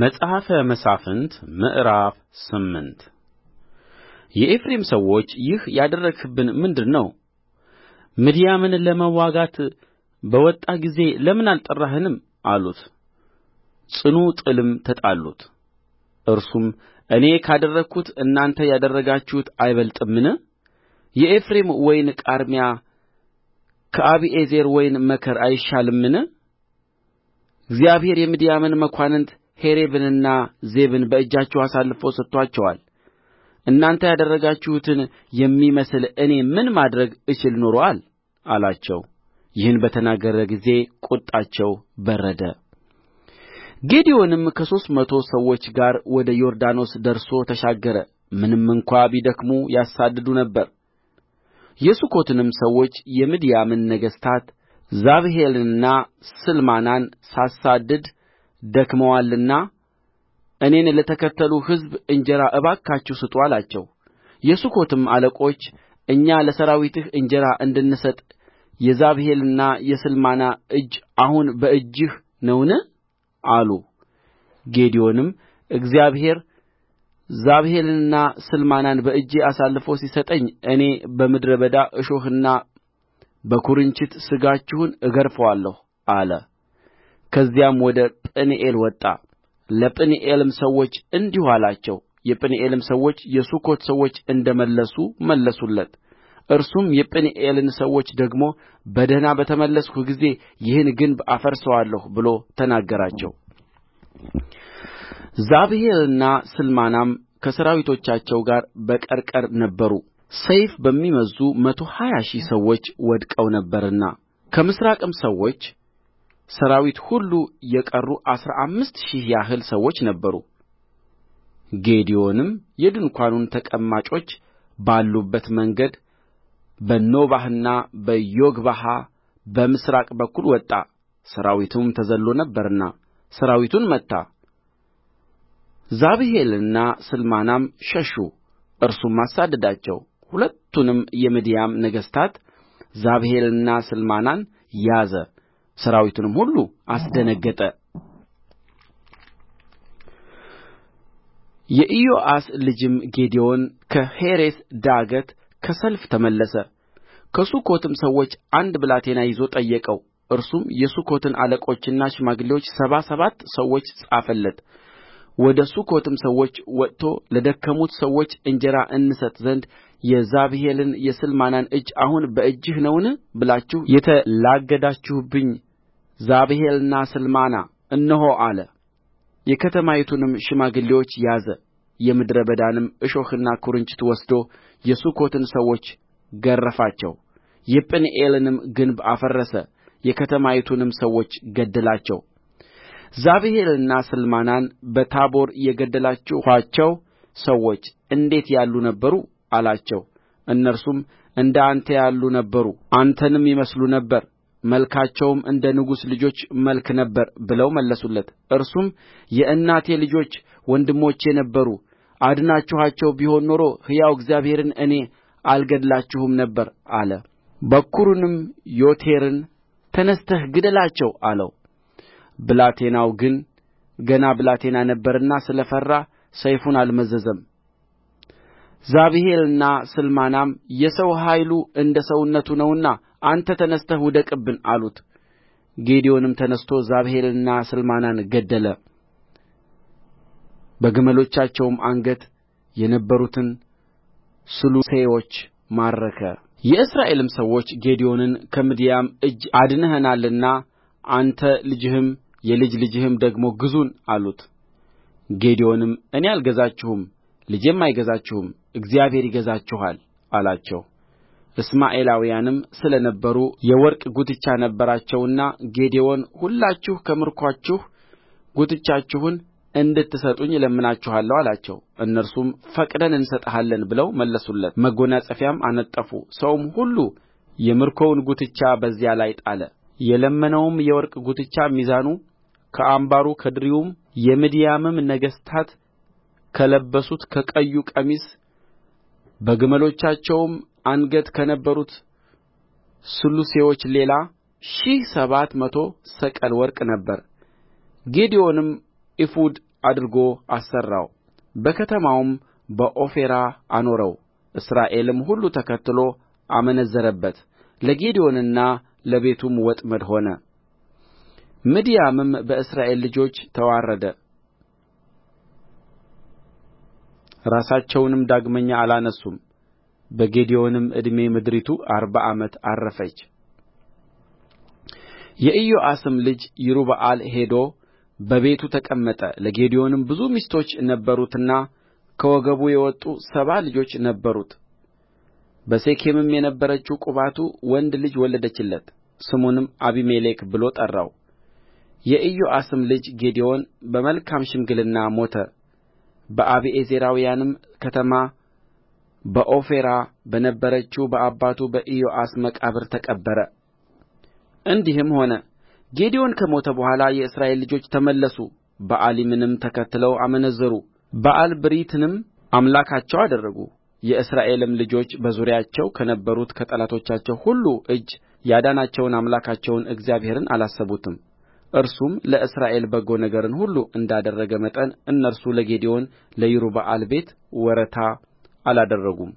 መጽሐፈ መሣፍንት ምዕራፍ ስምንት የኤፍሬም ሰዎች ይህ ያደረግህብን ምንድር ነው? ምድያምን ለመዋጋት በወጣ ጊዜ ለምን አልጠራኸንም አሉት። ጽኑ ጥልም ተጣሉት። እርሱም እኔ ካደረግሁት እናንተ ያደረጋችሁት አይበልጥምን? የኤፍሬም ወይን ቃርሚያ ከአቢዔዝር ወይን መከር አይሻልምን? እግዚአብሔር የምድያምን መኳንንት ሔሬብንና ዜብን በእጃችሁ አሳልፎ ሰጥቶአቸዋል እናንተ ያደረጋችሁትን የሚመስል እኔ ምን ማድረግ እችል ኖሮአል አላቸው ይህን በተናገረ ጊዜ ቍጣቸው በረደ ጌዴዎንም ከሦስት መቶ ሰዎች ጋር ወደ ዮርዳኖስ ደርሶ ተሻገረ ምንም እንኳ ቢደክሙ ያሳድዱ ነበር የሱኮትንም ሰዎች የምድያምን ነገሥታት ዛብሄልንና ስልማናን ሳሳድድ ደክመዋልና እኔን ለተከተሉ ሕዝብ እንጀራ እባካችሁ ስጡ አላቸው የሱኮትም አለቆች እኛ ለሠራዊትህ እንጀራ እንድንሰጥ የዛብሄልና የስልማና እጅ አሁን በእጅህ ነውን አሉ ጌዴዎንም እግዚአብሔር ዛብሄልንና ስልማናን በእጄ አሳልፎ ሲሰጠኝ እኔ በምድረ በዳ እሾህና በኵርንችት ሥጋችሁን እገርፋለሁ አለ ከዚያም ወደ ጵኒኤል ወጣ ለጵኒኤልም ሰዎች እንዲሁ አላቸው የጵኒኤልም ሰዎች የሱኮት ሰዎች እንደ መለሱ መለሱለት እርሱም የጵኒኤልን ሰዎች ደግሞ በደኅና በተመለስሁ ጊዜ ይህን ግንብ አፈርሰዋለሁ ብሎ ተናገራቸው ዛብሄልና ስልማናም ከሠራዊቶቻቸው ጋር በቀርቀር ነበሩ ሰይፍ በሚመዝዙ መቶ ሀያ ሺህ ሰዎች ወድቀው ነበርና ከምሥራቅም ሰዎች ሠራዊት ሁሉ የቀሩ አሥራ አምስት ሺህ ያህል ሰዎች ነበሩ ጌዴዎንም የድንኳኑን ተቀማጮች ባሉበት መንገድ በኖባህና በዮግብሃ በምሥራቅ በኩል ወጣ ሠራዊቱም ተዘልሎ ነበርና ሠራዊቱን መታ ዛብሄልና ስልማናም ሸሹ እርሱም አሳደዳቸው ሁለቱንም የምድያም ነገሥታት ዛብሄልንና ስልማናን ያዘ ሠራዊቱንም ሁሉ አስደነገጠ የኢዮአስ ልጅም ጌዴዎን ከሔሬስ ዳገት ከሰልፍ ተመለሰ ከሱኮትም ሰዎች አንድ ብላቴና ይዞ ጠየቀው እርሱም የሱኮትን አለቆችና ሽማግሌዎች ሰባ ሰባት ሰዎች ጻፈለት ወደ ሱኮትም ሰዎች ወጥቶ ለደከሙት ሰዎች እንጀራ እንሰጥ ዘንድ የዛብሄልን የስልማናን እጅ አሁን በእጅህ ነውን ብላችሁ የተላገዳችሁብኝ ዛብሄልና ስልማና እነሆ አለ የከተማይቱንም ሽማግሌዎች ያዘ የምድረ በዳንም እሾህና ኵርንችት ወስዶ የሱኮትን ሰዎች ገረፋቸው የጵኒኤልንም ግንብ አፈረሰ የከተማይቱንም ሰዎች ገደላቸው ዛብሄልና ስልማናን በታቦር የገደላችኋቸው ሰዎች እንዴት ያሉ ነበሩ አላቸው እነርሱም እንደ አንተ ያሉ ነበሩ አንተንም ይመስሉ ነበር መልካቸውም እንደ ንጉሥ ልጆች መልክ ነበረ ብለው መለሱለት እርሱም የእናቴ ልጆች ወንድሞቼ ነበሩ አድናችኋቸው ቢሆን ኖሮ ሕያው እግዚአብሔርን እኔ አልገድላችሁም ነበር አለ በኵሩንም ዬቴርን ተነሥተህ ግደላቸው አለው ብላቴናው ግን ገና ብላቴና ነበርና ስለ ፈራ ሰይፉን አልመዘዘም ዛብሄልና ስልማናም የሰው ኃይሉ እንደ ሰውነቱ ነውና አንተ ተነሥተህ ውደቅብን አሉት ጌዴዎንም ተነሥቶ ዛብሄልንና ስልማናን ገደለ በግመሎቻቸውም አንገት የነበሩትን ሥሉሴዎች ማረከ የእስራኤልም ሰዎች ጌዴዎንን ከምድያም እጅ አድነኸናልና አንተ ልጅህም የልጅ ልጅህም ደግሞ ግዙን አሉት ጌዴዎንም እኔ አልገዛችሁም ልጄም አይገዛችሁም እግዚአብሔር ይገዛችኋል አላቸው እስማኤላውያንም ስለ ነበሩ የወርቅ ጕትቻ ነበራቸውና ጌዴዎን ሁላችሁ ከምርኮአችሁ ጕትቻችሁን እንድትሰጡኝ እለምናችኋለሁ አላቸው እነርሱም ፈቅደን እንሰጥሃለን ብለው መለሱለት መጐናጸፊያም አነጠፉ ሰውም ሁሉ የምርኮውን ጕትቻ በዚያ ላይ ጣለ የለመነውም የወርቅ ጕትቻ ሚዛኑ ከአምባሩ ከድሪውም የምድያምም ነገሥታት ከለበሱት ከቀዩ ቀሚስ በግመሎቻቸውም አንገት ከነበሩት ስሉሴዎች ሌላ ሺህ ሰባት መቶ ሰቅል ወርቅ ነበረ ጌዴዎንም ኤፉድ አድርጎ አሠራው በከተማውም በዖፍራ አኖረው እስራኤልም ሁሉ ተከትሎ አመነዘረበት ለጌዴዎንና ለቤቱም ወጥመድ ሆነ ምድያምም በእስራኤል ልጆች ተዋረደ ራሳቸውንም ዳግመኛ አላነሡም በጌዴዎንም ዕድሜ ምድሪቱ አርባ ዓመት ዐረፈች የኢዮአስም ልጅ ይሩበኣል ሄዶ በቤቱ ተቀመጠ ለጌዴዎንም ብዙ ሚስቶች ነበሩትና ከወገቡ የወጡ ሰባ ልጆች ነበሩት በሴኬምም የነበረችው ቁባቱ ወንድ ልጅ ወለደችለት ስሙንም አቢሜሌክ ብሎ ጠራው የኢዮአስም ልጅ ጌዴዎን በመልካም ሽምግልና ሞተ በአቢዔዝራውያንም ከተማ በዖፍራ በነበረችው በአባቱ በኢዮአስ መቃብር ተቀበረ እንዲህም ሆነ ጌዴዎን ከሞተ በኋላ የእስራኤል ልጆች ተመለሱ በኣሊምንም ተከትለው አመነዘሩ በኣልብሪትንም አምላካቸው አደረጉ የእስራኤልም ልጆች በዙሪያቸው ከነበሩት ከጠላቶቻቸው ሁሉ እጅ ያዳናቸውን አምላካቸውን እግዚአብሔርን አላሰቡትም እርሱም ለእስራኤል በጎ ነገርን ሁሉ እንዳደረገ መጠን እነርሱ ለጌዴዎን ለይሩበኣል ቤት ወረታ አላደረጉም